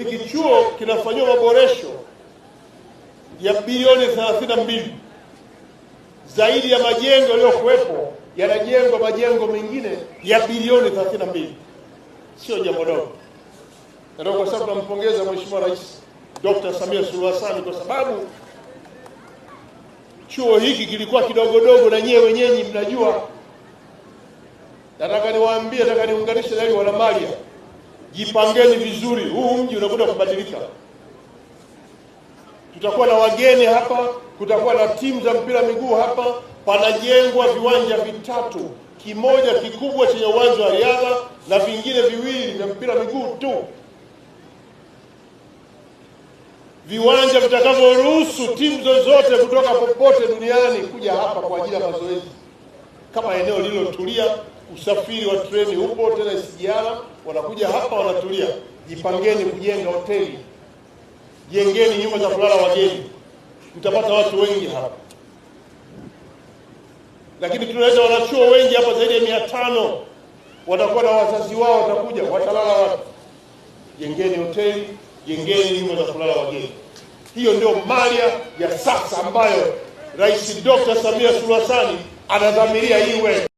hiki chuo kinafanyiwa maboresho ya bilioni mbili zaidi ya majengo yaliyokuwepo yanajengwa majengo mengine ya bilioni mbili Sio jambo dogo, ndio kwa sababu nampongeza Mheshimiwa Rais Dr. Samia Suluhu Hassan kwa sababu chuo hiki kilikuwa kidogodogo na nyewe wenyewe mnajua. Nataka niwaambie, nataka niunganishe na wanaMalya jipangeni vizuri, huu mji unakwenda kubadilika. Tutakuwa na wageni hapa, kutakuwa na timu za mpira miguu hapa. Panajengwa viwanja vitatu, kimoja kikubwa chenye uwanja wa riadha na vingine viwili vya mpira miguu tu, viwanja vitakavyoruhusu timu zozote kutoka popote duniani kuja hapa kwa ajili ya mazoezi, kama eneo lililotulia usafiri wa treni hupo tena SGR, wanakuja hapa wanatulia. Jipangeni kujenga hoteli, jengeni nyumba za kulala wageni, mtapata watu wengi hapa. Lakini tunaweza wanachuo wengi hapa zaidi ya mia tano watakuwa na wazazi wao, watakuja watalala watu. Jengeni hoteli, jengeni nyumba za kulala wageni. Hiyo ndio mali ya sasa ambayo Rais Dr. Samia Suluhu Hassan anadhamiria iwe.